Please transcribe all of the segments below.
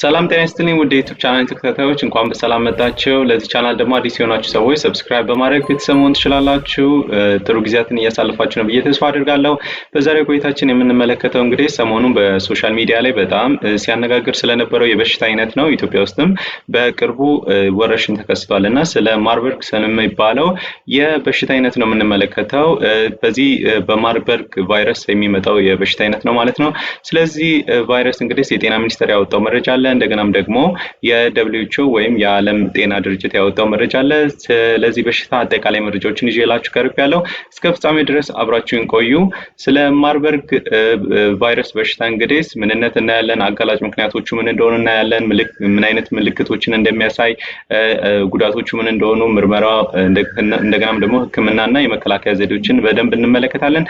ሰላም ጤና ይስጥልኝ ውድ የዩቱብ ቻናል ተከታታዮች እንኳን በሰላም መጣችሁ። ለዚህ ቻናል ደግሞ አዲስ የሆናችሁ ሰዎች ሰብስክራይብ በማድረግ ቤተሰብ ትችላላችሁ። ጥሩ ጊዜያትን እያሳለፋችሁ ነው ብዬ ተስፋ አድርጋለሁ። በዛሬው ቆይታችን የምንመለከተው እንግዲህ ሰሞኑን በሶሻል ሚዲያ ላይ በጣም ሲያነጋግር ስለነበረው የበሽታ አይነት ነው። ኢትዮጵያ ውስጥም በቅርቡ ወረርሽኝ ተከስቷል እና ስለ ማርበርግ ስለሚባለው የበሽታ አይነት ነው የምንመለከተው። በዚህ በማርበርግ ቫይረስ የሚመጣው የበሽታ አይነት ነው ማለት ነው። ስለዚህ ቫይረስ እንግዲህ የጤና ሚኒስቴር ያወጣው መረጃ አለ። እንደገናም ደግሞ የደብሊው ወይም የዓለም ጤና ድርጅት ያወጣው መረጃ አለ። ስለዚህ በሽታ አጠቃላይ መረጃዎችን ይዤላችሁ ቀርብ ያለው እስከ ፍጻሜ ድረስ አብራችሁን ቆዩ። ስለ ማርበርግ ቫይረስ በሽታ እንግዲህ ምንነት እናያለን። አጋላጭ ምክንያቶቹ ምን እንደሆኑ እናያለን። ምን አይነት ምልክቶችን እንደሚያሳይ ጉዳቶቹ ምን እንደሆኑ ምርመራ፣ እንደገናም ደግሞ ሕክምናና የመከላከያ ዘዴዎችን በደንብ እንመለከታለን።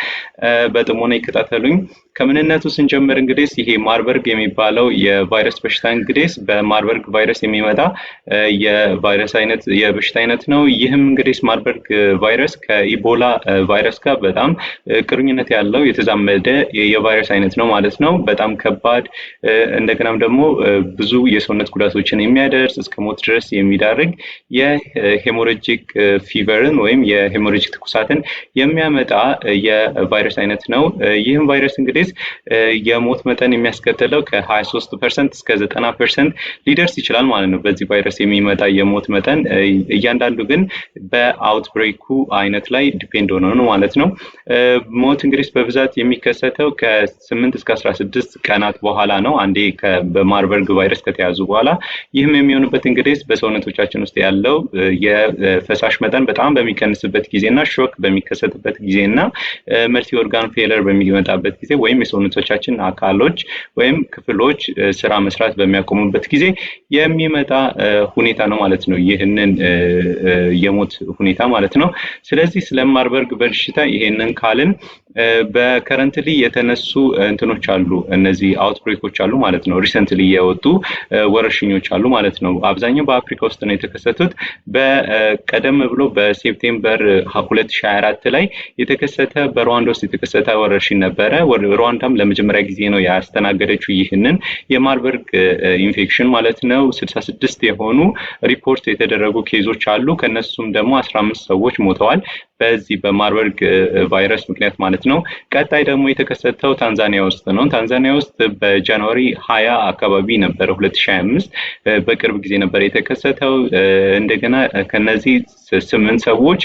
በጥሞና ይከታተሉኝ። ከምንነቱ ስንጀምር እንግዲህ ይሄ ማርበርግ የሚባለው የቫይረስ በሽታ እንግዲህ በማርበርግ ቫይረስ የሚመጣ የቫይረስ አይነት የበሽታ አይነት ነው። ይህም እንግዲህ ማርበርግ ቫይረስ ከኢቦላ ቫይረስ ጋር በጣም ቅርኝነት ያለው የተዛመደ የቫይረስ አይነት ነው ማለት ነው። በጣም ከባድ እንደገናም ደግሞ ብዙ የሰውነት ጉዳቶችን የሚያደርስ እስከ ሞት ድረስ የሚዳርግ የሄሞሮጂክ ፊቨርን ወይም የሄሞሮጂክ ትኩሳትን የሚያመጣ የቫይረስ አይነት ነው። ይህም ቫይረስ እንግዲህ የሞት መጠን የሚያስከትለው ከ23 ፐርሰንት እስከ ዘጠና ፐርሰንት ሊደርስ ይችላል ማለት ነው። በዚህ ቫይረስ የሚመጣ የሞት መጠን እያንዳንዱ ግን በአውትብሬኩ አይነት ላይ ዲፔንድ ሆነ ነው ማለት ነው። ሞት እንግዲህ በብዛት የሚከሰተው ከስምንት እስከ አስራ ስድስት ቀናት በኋላ ነው። አንዴ በማርበርግ ቫይረስ ከተያዙ በኋላ ይህም የሚሆንበት እንግዲህ በሰውነቶቻችን ውስጥ ያለው የፈሳሽ መጠን በጣም በሚቀንስበት ጊዜና ሾክ በሚከሰትበት ጊዜና መልቲ ኦርጋን ፌለር በሚመጣበት ጊዜ ወይም የሰውነቶቻችን አካሎች ወይም ክፍሎች ስራ መስራት በሚያቆሙበት ጊዜ የሚመጣ ሁኔታ ነው ማለት ነው። ይህንን የሞት ሁኔታ ማለት ነው። ስለዚህ ስለ ማርበርግ በሽታ ይሄንን ካልን በከረንትሊ የተነሱ እንትኖች አሉ፣ እነዚህ አውትብሬኮች አሉ ማለት ነው። ሪሰንትሊ የወጡ ወረርሽኞች አሉ ማለት ነው። አብዛኛው በአፍሪካ ውስጥ ነው የተከሰቱት። በቀደም ብሎ በሴፕቴምበር 2024 ላይ የተከሰተ በሩዋንዳ ውስጥ የተከሰተ ወረርሽኝ ነበረ። ሩዋንዳም ለመጀመሪያ ጊዜ ነው ያስተናገደችው ይህንን የማርበርግ ኢንፌክሽን ማለት ነው 66 የሆኑ ሪፖርት የተደረጉ ኬዞች አሉ። ከነሱም ደግሞ 15 ሰዎች ሞተዋል በዚህ በማርበርግ ቫይረስ ምክንያት ማለት ነው። ቀጣይ ደግሞ የተከሰተው ታንዛኒያ ውስጥ ነው። ታንዛኒያ ውስጥ በጃንዋሪ 20 አካባቢ ነበረ 2025 በቅርብ ጊዜ ነበር የተከሰተው። እንደገና ከነዚህ ስምንት ሰዎች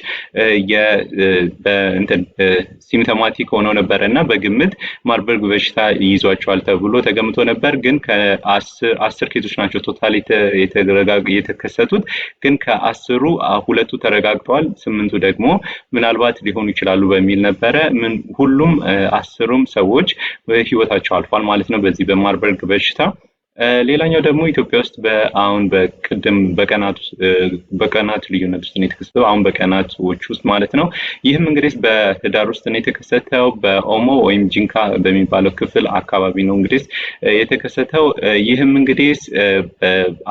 ሲምፕቶማቲክ ሆኖ ነበር እና በግምት ማርበርግ በሽታ ይዟቸዋል ተብሎ ተገምቶ ነበር። ግን ከአስር ኬቶች ናቸው ቶታል የተከሰቱት። ግን ከአስሩ ሁለቱ ተረጋግተዋል፣ ስምንቱ ደግሞ ምናልባት ሊሆኑ ይችላሉ በሚል ነበረ። ሁሉም አስሩም ሰዎች ህይወታቸው አልፏል ማለት ነው በዚህ በማርበርግ በሽታ ሌላኛው ደግሞ ኢትዮጵያ ውስጥ በአሁን በቅድም በቀናት ልዩነት ውስጥ ነው የተከሰተው። አሁን በቀናቶች ውስጥ ማለት ነው። ይህም እንግዲህ በህዳር ውስጥ ነው የተከሰተው። በኦሞ ወይም ጂንካ በሚባለው ክፍል አካባቢ ነው እንግዲህ የተከሰተው። ይህም እንግዲህ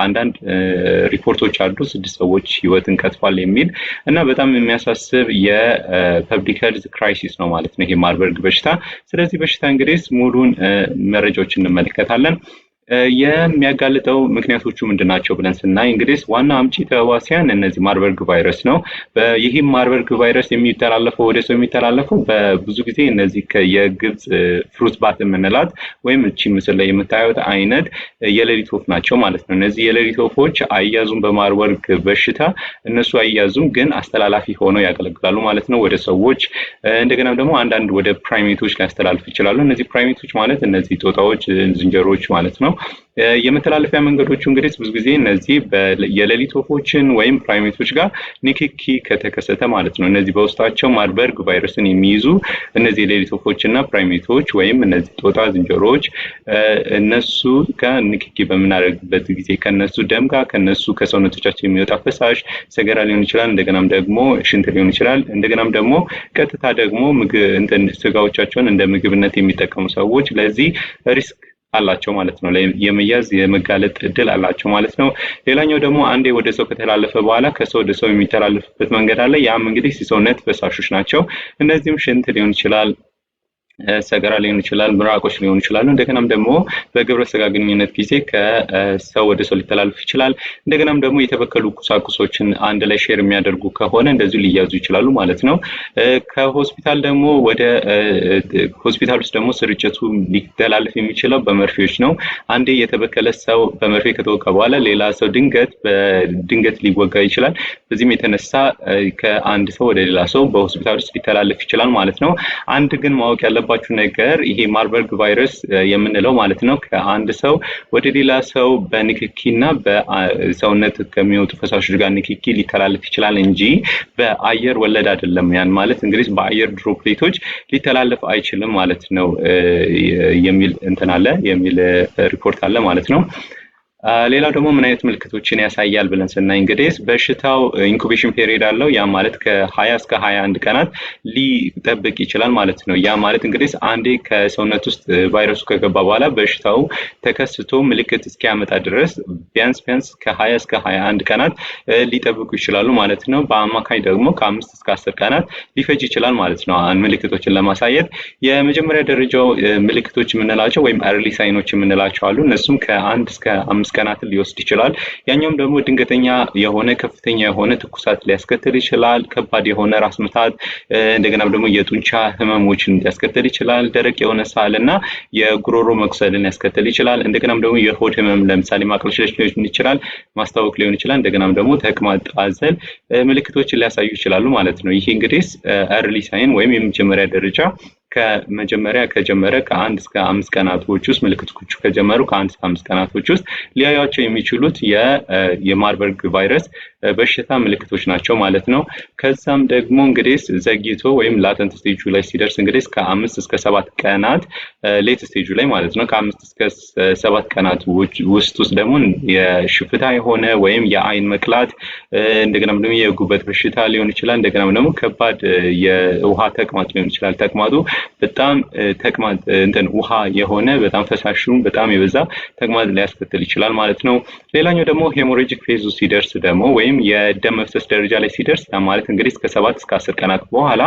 አንዳንድ ሪፖርቶች አሉ ስድስት ሰዎች ህይወትን ቀጥፏል የሚል እና በጣም የሚያሳስብ የፐብሊክ ሄልዝ ክራይሲስ ነው ማለት ነው ይሄ ማርበርግ በሽታ። ስለዚህ በሽታ እንግዲህ ሙሉን መረጃዎች እንመለከታለን። የሚያጋልጠው ምክንያቶቹ ምንድን ናቸው ብለን ስናይ እንግዲህ ዋና አምጪ ተዋሲያን እነዚህ ማርበርግ ቫይረስ ነው። ይህም ማርበርግ ቫይረስ የሚተላለፈው ወደ ሰው የሚተላለፈው በብዙ ጊዜ እነዚህ የግብፅ ፍሩት ባት የምንላት ወይም እቺ ምስል ላይ የምታዩት አይነት የሌሊት ወፍ ናቸው ማለት ነው። እነዚህ የሌሊት ወፎች አያዙም በማርበርግ በሽታ እነሱ አያዙም፣ ግን አስተላላፊ ሆነው ያገለግላሉ ማለት ነው ወደ ሰዎች። እንደገና ደግሞ አንዳንድ ወደ ፕራይሜቶች ሊያስተላልፍ ይችላሉ። እነዚህ ፕራይሜቶች ማለት እነዚህ ጦጣዎች፣ ዝንጀሮዎች ማለት ነው። ነው። የመተላለፊያ መንገዶቹ እንግዲህ ብዙ ጊዜ እነዚህ የሌሊት ወፎችን ወይም ፕራይሜቶች ጋር ንክኪ ከተከሰተ ማለት ነው። እነዚህ በውስጣቸው ማርበርግ ቫይረስን የሚይዙ እነዚህ የሌሊት ወፎች እና ፕራይሜቶች ወይም እነዚህ ጦጣ ዝንጀሮዎች እነሱ ከንክኪ ንክኪ በምናደርግበት ጊዜ ከነሱ ደም ጋር ከነሱ ከሰውነቶቻቸው የሚወጣ ፈሳሽ ሰገራ ሊሆን ይችላል፣ እንደገናም ደግሞ ሽንት ሊሆን ይችላል። እንደገናም ደግሞ ቀጥታ ደግሞ ስጋዎቻቸውን እንደ ምግብነት የሚጠቀሙ ሰዎች ለዚህ ሪስክ አላቸው ማለት ነው። የመያዝ የመጋለጥ እድል አላቸው ማለት ነው። ሌላኛው ደግሞ አንዴ ወደ ሰው ከተላለፈ በኋላ ከሰው ወደ ሰው የሚተላለፍበት መንገድ አለ። ያም እንግዲህ ሲሰውነት ፈሳሾች ናቸው። እነዚህም ሽንት ሊሆን ይችላል ሰገራ ሊሆን ይችላል፣ ምራቆች ሊሆን ይችላሉ። እንደገናም ደግሞ በግብረ ስጋ ግንኙነት ጊዜ ከሰው ወደ ሰው ሊተላለፍ ይችላል። እንደገናም ደግሞ የተበከሉ ቁሳቁሶችን አንድ ላይ ሼር የሚያደርጉ ከሆነ እንደዚሁ ሊያዙ ይችላሉ ማለት ነው። ከሆስፒታል ደግሞ ወደ ሆስፒታል ውስጥ ደግሞ ስርጭቱ ሊተላለፍ የሚችለው በመርፌዎች ነው። አንዴ የተበከለ ሰው በመርፌ ከተወቀ በኋላ ሌላ ሰው ድንገት በድንገት ሊወጋ ይችላል። በዚህም የተነሳ ከአንድ ሰው ወደ ሌላ ሰው በሆስፒታል ውስጥ ሊተላለፍ ይችላል ማለት ነው። አንድ ግን ማወቅ ያለ ያለባችሁ ነገር ይሄ ማርበርግ ቫይረስ የምንለው ማለት ነው ከአንድ ሰው ወደ ሌላ ሰው በንክኪና በሰውነት ከሚወጡ ፈሳሾች ጋር ንክኪ ሊተላለፍ ይችላል እንጂ በአየር ወለድ አይደለም። ያን ማለት እንግዲህ በአየር ድሮፕሌቶች ሊተላለፍ አይችልም ማለት ነው የሚል እንትን አለ የሚል ሪፖርት አለ ማለት ነው። ሌላው ደግሞ ምን አይነት ምልክቶችን ያሳያል ብለን ስናይ እንግዲህ በሽታው ኢንኩቤሽን ፔሪድ አለው። ያ ማለት ከሀያ እስከ ሀያ አንድ ቀናት ሊጠብቅ ይችላል ማለት ነው። ያ ማለት እንግዲህ አንዴ ከሰውነት ውስጥ ቫይረሱ ከገባ በኋላ በሽታው ተከስቶ ምልክት እስኪያመጣ ድረስ ቢያንስ ቢያንስ ከሀያ እስከ ሀያ አንድ ቀናት ሊጠብቁ ይችላሉ ማለት ነው። በአማካኝ ደግሞ ከአምስት እስከ አስር ቀናት ሊፈጅ ይችላል ማለት ነው ምልክቶችን ለማሳየት። የመጀመሪያ ደረጃው ምልክቶች የምንላቸው ወይም አርሊ ሳይኖች የምንላቸው አሉ። እነሱም ከአንድ እስከ አምስት ቀናትን ሊወስድ ይችላል። ያኛውም ደግሞ ድንገተኛ የሆነ ከፍተኛ የሆነ ትኩሳት ሊያስከትል ይችላል። ከባድ የሆነ ራስ ምታት፣ እንደገናም ደግሞ የጡንቻ ህመሞችን ሊያስከትል ይችላል። ደረቅ የሆነ ሳል እና የጉሮሮ መቁሰልን ሊያስከትል ይችላል። እንደገናም ደግሞ የሆድ ህመም ለምሳሌ ማቅለሽለሽ ሊሆን ይችላል፣ ማስታወክ ሊሆን ይችላል። እንደገናም ደግሞ ተቅማጥ ጣዘል ምልክቶችን ሊያሳዩ ይችላሉ ማለት ነው። ይሄ እንግዲህ እርሊ ሳይን ወይም የመጀመሪያ ደረጃ ከመጀመሪያ ከጀመረ ከአንድ እስከ አምስት ቀናቶች ውስጥ ምልክቶቹ ከጀመሩ ከአንድ እስከ አምስት ቀናቶች ውስጥ ሊያያቸው የሚችሉት የማርበርግ ቫይረስ በሽታ ምልክቶች ናቸው ማለት ነው። ከዛም ደግሞ እንግዲህ ዘግይቶ ወይም ላተንት ስቴጁ ላይ ሲደርስ እንግዲህ ከአምስት እስከ ሰባት ቀናት ሌት ስቴጁ ላይ ማለት ነው ከአምስት እስከ ሰባት ቀናት ውስጥ ውስጥ ደግሞ የሽፍታ የሆነ ወይም የአይን መቅላት እንደገናም ደግሞ የጉበት በሽታ ሊሆን ይችላል። እንደገናም ደግሞ ከባድ የውሃ ተቅማጥ ሊሆን ይችላል። ተቅማጡ በጣም ተቅማጥ እንትን ውሃ የሆነ በጣም ፈሳሹ በጣም የበዛ ተቅማጥ ሊያስከትል ይችላል ማለት ነው። ሌላኛው ደግሞ ሄሞሬጂክ ፌዙ ሲደርስ ደግሞ ወይም ወይም የደም መፍሰስ ደረጃ ላይ ሲደርስ ማለት እንግዲህ እስከ ሰባት እስከ አስር ቀናት በኋላ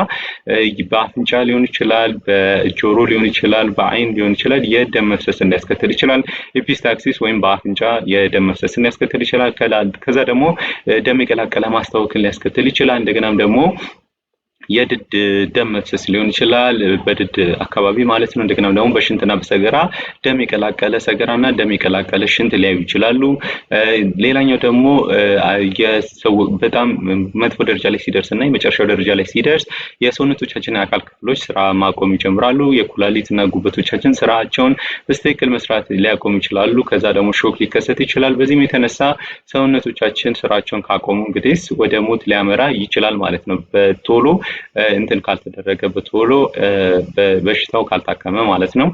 በአፍንጫ ሊሆን ይችላል፣ በጆሮ ሊሆን ይችላል፣ በአይን ሊሆን ይችላል የደም መፍሰስ እንዲያስከትል ይችላል። ኤፒስታክሲስ ወይም በአፍንጫ የደም መፍሰስ እንዲያስከትል ይችላል። ከዛ ደግሞ ደም የቀላቀለ ማስታወክን ሊያስከትል ይችላል። እንደገናም ደግሞ የድድ ደም መፍሰስ ሊሆን ይችላል፣ በድድ አካባቢ ማለት ነው። እንደገና ደግሞ በሽንትና በሰገራ ደም የቀላቀለ ሰገራና ደም የቀላቀለ ሽንት ሊያዩ ይችላሉ። ሌላኛው ደግሞ በጣም መጥፎ ደረጃ ላይ ሲደርስ እና የመጨረሻው ደረጃ ላይ ሲደርስ የሰውነቶቻችን አካል ክፍሎች ስራ ማቆም ይጀምራሉ። የኩላሊት እና ጉበቶቻችን ስራቸውን በትክክል መስራት ሊያቆሙ ይችላሉ። ከዛ ደግሞ ሾክ ሊከሰት ይችላል። በዚህም የተነሳ ሰውነቶቻችን ስራቸውን ካቆሙ እንግዲህ ወደ ሞት ሊያመራ ይችላል ማለት ነው በቶሎ እንትን ካልተደረገ በቶሎ በሽታው ካልታከመ ማለት ነው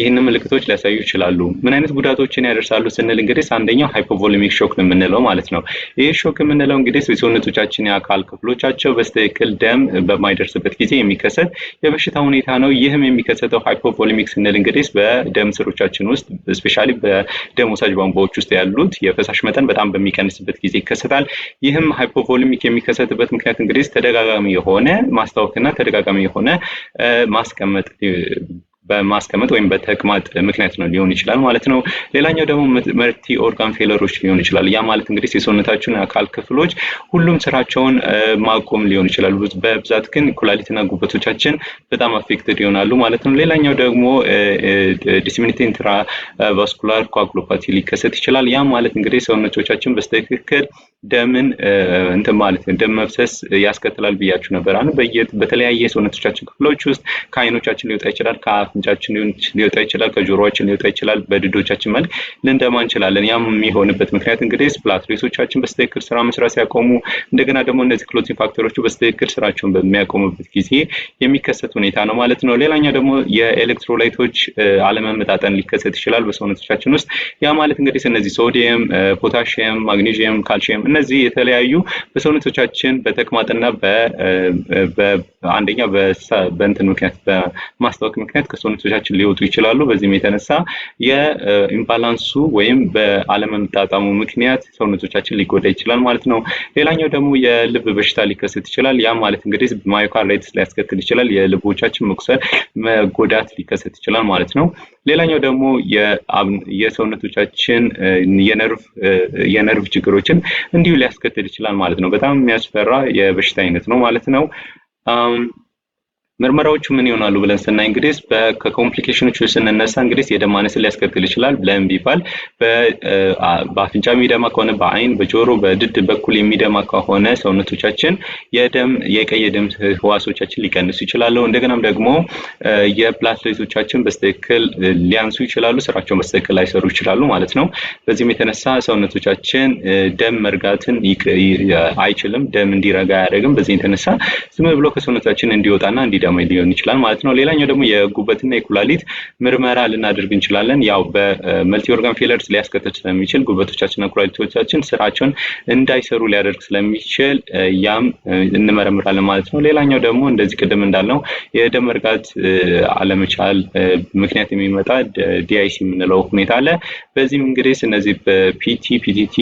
ይህንን ምልክቶች ሊያሳዩ ይችላሉ። ምን አይነት ጉዳቶችን ያደርሳሉ ስንል እንግዲህ አንደኛው ሃይፖቮሊሚክ ሾክ ነው የምንለው ማለት ነው። ይህ ሾክ የምንለው እንግዲህ የሰውነቶቻችን የአካል ክፍሎቻቸው በስትክክል ደም በማይደርስበት ጊዜ የሚከሰት የበሽታ ሁኔታ ነው። ይህም የሚከሰተው ሃይፖቮሊሚክ ስንል እንግዲህ በደም ስሮቻችን ውስጥ እስፔሻሊ በደም ወሳጅ ቧንቧዎች ውስጥ ያሉት የፈሳሽ መጠን በጣም በሚቀንስበት ጊዜ ይከሰታል። ይህም ሃይፖቮሊሚክ የሚከሰትበት ምክንያት እንግዲህ ተደጋጋሚ የሆነ ማስታወክና ተደጋጋሚ የሆነ ማስቀመጥ በማስቀመጥ ወይም በተቅማጥ ምክንያት ነው ሊሆን ይችላል ማለት ነው። ሌላኛው ደግሞ መርቲ ኦርጋን ፌለሮች ሊሆን ይችላል። ያ ማለት እንግዲህ የሰውነታችን አካል ክፍሎች ሁሉም ስራቸውን ማቆም ሊሆን ይችላል። በብዛት ግን ኩላሊትና ጉበቶቻችን በጣም አፌክትድ ይሆናሉ ማለት ነው። ሌላኛው ደግሞ ዲስሚኒቲ ቫስኩላር ኳግሎፓቲ ሊከሰት ይችላል። ያ ማለት እንግዲህ ሰውነቶቻችን በስተክክል ደምን እንትን ማለት ደም መፍሰስ ያስከትላል ብያችሁ ነበር። አሁን በተለያየ ሰውነቶቻችን ክፍሎች ውስጥ ከአይኖቻችን ሊወጣ ይችላል ከአፍንጫችን ሊወጣ ይችላል፣ ከጆሮችን ሊወጣ ይችላል፣ በድዶቻችን መልክ ልንደማ እንችላለን። ያም የሚሆንበት ምክንያት እንግዲህ ፕላትሌቶቻችን በስትክክል ስራ መስራት ሲያቆሙ፣ እንደገና ደግሞ እነዚህ ክሎቲንግ ፋክተሮቹ በስትክክል ስራቸውን በሚያቆሙበት ጊዜ የሚከሰት ሁኔታ ነው ማለት ነው። ሌላኛ ደግሞ የኤሌክትሮላይቶች አለመመጣጠን ሊከሰት ይችላል በሰውነቶቻችን ውስጥ። ያ ማለት እንግዲህ እነዚህ ሶዲየም፣ ፖታሽየም፣ ማግኔዥየም፣ ካልሽየም እነዚህ የተለያዩ በሰውነቶቻችን በተቅማጥና በአንደኛ በእንትን ምክንያት በማስታወክ ምክንያት ኤሌክትሮኒክሶቻችን ሊወጡ ይችላሉ። በዚህም የተነሳ የኢምባላንሱ ወይም በአለመምጣጣሙ ምክንያት ሰውነቶቻችን ሊጎዳ ይችላል ማለት ነው። ሌላኛው ደግሞ የልብ በሽታ ሊከሰት ይችላል። ያ ማለት እንግዲህ ማዮካርዳይትስ ሊያስከትል ይችላል። የልቦቻችን መቁሰል፣ መጎዳት ሊከሰት ይችላል ማለት ነው። ሌላኛው ደግሞ የሰውነቶቻችን የነርቭ ችግሮችን እንዲሁ ሊያስከትል ይችላል ማለት ነው። በጣም የሚያስፈራ የበሽታ አይነት ነው ማለት ነው። ምርመራዎቹ ምን ይሆናሉ ብለን ስናይ እንግዲህ ከኮምፕሊኬሽኖች ስንነሳ እንግዲህ የደም ማነስ ሊያስከትል ይችላል ብለን ቢባል በአፍንጫ የሚደማ ከሆነ በአይን፣ በጆሮ፣ በድድ በኩል የሚደማ ከሆነ ሰውነቶቻችን የደም የቀይ ደም ህዋሶቻችን ሊቀንሱ ይችላሉ። እንደገናም ደግሞ የፕላትሌቶቻችን በስትክክል ሊያንሱ ይችላሉ፣ ስራቸውን በስትክክል ላይሰሩ ይችላሉ ማለት ነው። በዚህም የተነሳ ሰውነቶቻችን ደም መርጋትን አይችልም፣ ደም እንዲረጋ አያደርግም። በዚህ የተነሳ ዝም ብሎ ከሰውነታችን እንዲወጣና እንዲደማ በመጠቀም ሊሆን ይችላል ማለት ነው። ሌላኛው ደግሞ የጉበትና የኩላሊት ምርመራ ልናደርግ እንችላለን። ያው በመልቲ ኦርጋን ፌለርስ ሊያስከተል ስለሚችል ጉበቶቻችንና ኩላሊቶቻችን ስራቸውን እንዳይሰሩ ሊያደርግ ስለሚችል ያም እንመረምራለን ማለት ነው። ሌላኛው ደግሞ እንደዚህ ቅድም እንዳልነው የደም እርጋት አለመቻል ምክንያት የሚመጣ ዲአይሲ የምንለው ሁኔታ አለ። በዚህም እንግዲህ እነዚህ በፒቲ ፒቲቲ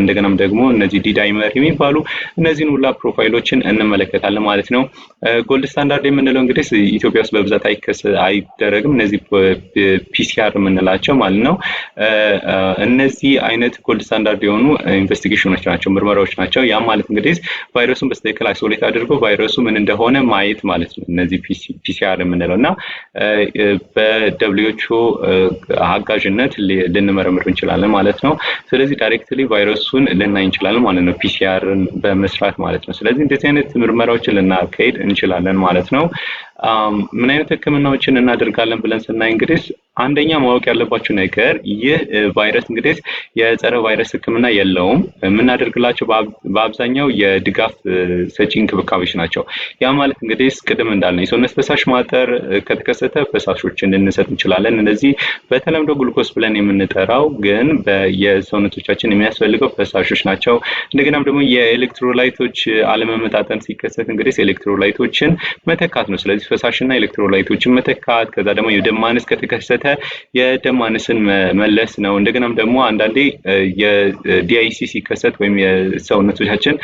እንደገናም ደግሞ እነዚህ ዲዳይመር የሚባሉ እነዚህን ሁላ ፕሮፋይሎችን እንመለከታለን ማለት ነው። ጎልድ ስታንዳርድ የምንለው እንግዲህ ኢትዮጵያ ውስጥ በብዛት አይከስ አይደረግም። እነዚህ ፒሲአር የምንላቸው ማለት ነው። እነዚህ አይነት ጎልድ ስታንዳርድ የሆኑ ኢንቨስቲጌሽኖች ናቸው፣ ምርመራዎች ናቸው። ያም ማለት እንግዲህ ቫይረሱን በስተክል አይሶሌት አድርጎ ቫይረሱ ምን እንደሆነ ማየት ማለት ነው። እነዚህ ፒሲአር የምንለው እና በደብሊዎቹ አጋዥነት ልንመረምር እንችላለን ማለት ነው። ስለዚህ ዳይሬክትሊ ቫይረሱን ልናይ እንችላለን ማለት ነው፣ ፒሲአርን በመስራት ማለት ነው። ስለዚህ እንደዚህ አይነት ምርመራዎችን ልናካሄድ እንችላለን። እንችላለን ማለት ነው። ምን አይነት ህክምናዎችን እናደርጋለን ብለን ስናይ እንግዲህ አንደኛ ማወቅ ያለባችሁ ነገር ይህ ቫይረስ እንግዲህ የጸረ ቫይረስ ህክምና የለውም። የምናደርግላቸው በአብዛኛው የድጋፍ ሰጪ እንክብካቤዎች ናቸው። ያ ማለት እንግዲህ ቅድም እንዳልነው የሰውነት ፈሳሽ ማጠር ከተከሰተ ፈሳሾችን ልንሰጥ እንችላለን። እነዚህ በተለምዶ ግሉኮስ ብለን የምንጠራው ግን የሰውነቶቻችን የሚያስፈልገው ፈሳሾች ናቸው። እንደገናም ደግሞ የኤሌክትሮላይቶች አለመመጣጠን ሲከሰት እንግዲህ ኤሌክትሮላይቶችን መተካት ነው። ስለዚህ ፈሳሽና ኤሌክትሮላይቶችን መተካት፣ ከዛ ደግሞ የደም ማነስ ከተከሰተ የደም ማነስን መመለስ ነው። እንደገናም ደግሞ አንዳንዴ የዲአይሲ ሲከሰት ወይም የሰውነቶቻችን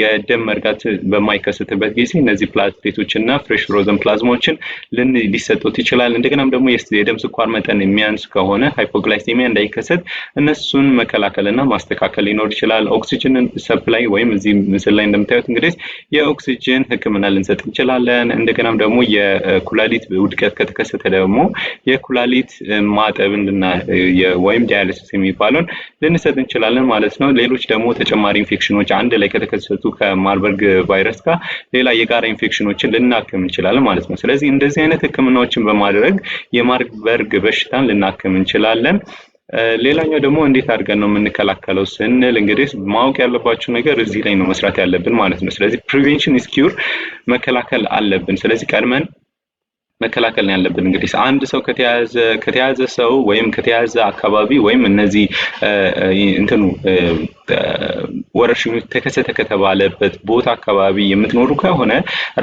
የደም መርጋት በማይከሰትበት ጊዜ እነዚህ ፕላትሌቶች እና ፍሬሽ ፍሮዘን ፕላዝማዎችን ልን ሊሰጡት ይችላል። እንደገናም ደግሞ የደም ስኳር መጠን የሚያንስ ከሆነ ሃይፖግላይሴሚያ እንዳይከሰት እነሱን መከላከልና ማስተካከል ሊኖር ይችላል። ኦክሲጅን ሰፕላይ ወይም እዚህ ምስል ላይ እንደምታዩት እንግዲህ የኦክሲጅን ሕክምና ልንሰጥ እንችላለን። እንደገናም ደግሞ የኩላሊት ውድቀት ከተከሰተ ደግሞ የኩላሊት ማጠብ ወይም ዳያሊሲስ የሚባለውን ልንሰጥ እንችላለን ማለት ነው። ሌሎች ደግሞ ተጨማሪ ኢንፌክሽኖች አንድ ላይ ላይ ከተከሰቱ ከማርበርግ ቫይረስ ጋር ሌላ የጋራ ኢንፌክሽኖችን ልናክም እንችላለን ማለት ነው። ስለዚህ እንደዚህ አይነት ህክምናዎችን በማድረግ የማርበርግ በሽታን ልናክም እንችላለን። ሌላኛው ደግሞ እንዴት አድርገን ነው የምንከላከለው ስንል እንግዲህ ማወቅ ያለባቸው ነገር እዚህ ላይ ነው መስራት ያለብን ማለት ነው። ስለዚህ ፕሪቬንሽን ኢዝ ኪውር መከላከል አለብን። ስለዚህ ቀድመን መከላከል ያለብን እንግዲህ አንድ ሰው ከተያዘ ከተያዘ ሰው ወይም ከተያዘ አካባቢ ወይም እነዚህ እንትኑ ወረርሽኙ ተከሰተ ከተባለበት ቦታ አካባቢ የምትኖሩ ከሆነ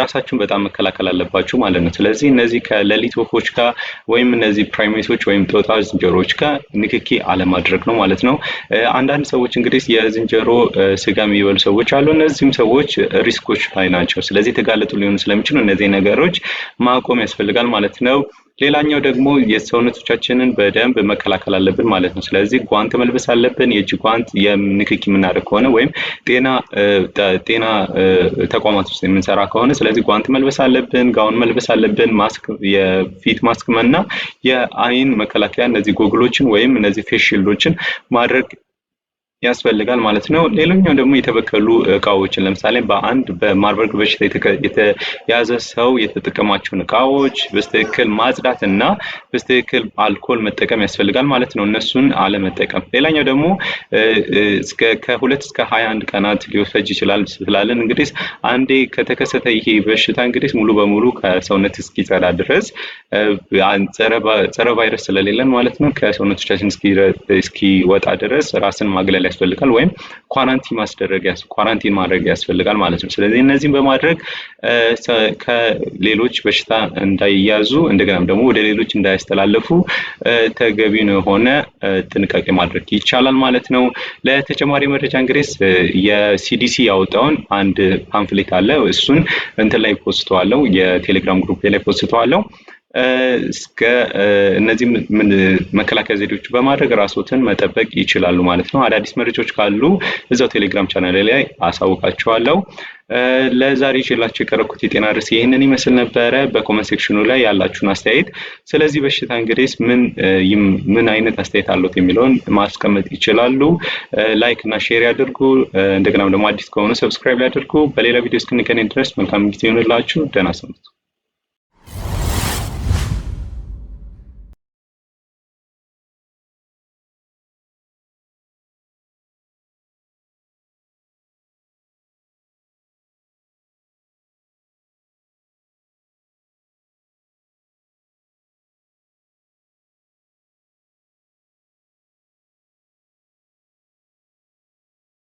ራሳችሁን በጣም መከላከል አለባችሁ ማለት ነው። ስለዚህ እነዚህ ከሌሊት ወፎች ጋር ወይም እነዚህ ፕራይሜቶች ወይም ጦጣ ዝንጀሮዎች ጋር ንክኪ አለማድረግ ነው ማለት ነው። አንዳንድ ሰዎች እንግዲህ የዝንጀሮ ስጋ የሚበሉ ሰዎች አሉ። እነዚህም ሰዎች ሪስኮች ላይ ናቸው። ስለዚህ የተጋለጡ ሊሆኑ ስለሚችሉ እነዚህ ነገሮች ማቆም ያስፈልጋል ማለት ነው። ሌላኛው ደግሞ የሰውነቶቻችንን በደንብ መከላከል አለብን ማለት ነው። ስለዚህ ጓንት መልበስ አለብን። የእጅ ጓንት የንክኪ የምናደርግ ከሆነ ወይም ጤና ተቋማት ውስጥ የምንሰራ ከሆነ ስለዚህ ጓንት መልበስ አለብን፣ ጋውን መልበስ አለብን፣ ማስክ፣ የፊት ማስክ እና የአይን መከላከያ እነዚህ ጎግሎችን ወይም እነዚህ ፌስ ሺልዶችን ማድረግ ያስፈልጋል ማለት ነው። ሌላኛው ደግሞ የተበከሉ እቃዎችን ለምሳሌ በአንድ በማርበርግ በሽታ የተያዘ ሰው የተጠቀማቸውን እቃዎች በስትክክል ማጽዳት እና በስትክክል አልኮል መጠቀም ያስፈልጋል ማለት ነው። እነሱን አለመጠቀም። ሌላኛው ደግሞ ከሁለት እስከ ሀያ አንድ ቀናት ሊወሰጅ ይችላል ስላለን እንግዲህ አንዴ ከተከሰተ ይሄ በሽታ እንግዲህ ሙሉ በሙሉ ከሰውነት እስኪጸዳ ድረስ ጸረ ቫይረስ ስለሌለን ማለት ነው ከሰውነቶቻችን እስኪወጣ ድረስ ራስን ማግለል ያስፈልጋል፣ ወይም ኳራንቲን ማስደረግ ኳራንቲን ማድረግ ያስፈልጋል ማለት ነው። ስለዚህ እነዚህን በማድረግ ከሌሎች በሽታ እንዳይያዙ እንደገናም ደግሞ ወደ ሌሎች እንዳያስተላለፉ ተገቢውን የሆነ ጥንቃቄ ማድረግ ይቻላል ማለት ነው። ለተጨማሪ መረጃ እንግዲህ የሲዲሲ ያወጣውን አንድ ፓምፍሌት አለ። እሱን እንትን ላይ ፖስተዋለው፣ የቴሌግራም ግሩፕ ላይ ፖስተዋለው። እስከ እነዚህ መከላከያ ዘዴዎች በማድረግ ራስዎትን መጠበቅ ይችላሉ ማለት ነው። አዳዲስ መረጃዎች ካሉ እዛው ቴሌግራም ቻናል ላይ አሳውቃችኋለሁ። ለዛሬ ይዤላችሁ የቀረብኩት የጤና ርዕስ ይህንን ይመስል ነበረ። በኮመንት ሴክሽኑ ላይ ያላችሁን አስተያየት ስለዚህ በሽታ እንግዲህ ምን ምን አይነት አስተያየት አለት የሚለውን ማስቀመጥ ይችላሉ። ላይክ እና ሼር ያድርጉ። እንደገናም ደግሞ አዲስ ከሆኑ ሰብስክራይብ ያድርጉ። በሌላ ቪዲዮ እስክንገናኝ ድረስ መልካም ጊዜ ይሆንላችሁ። ደህና ሰንብቱ።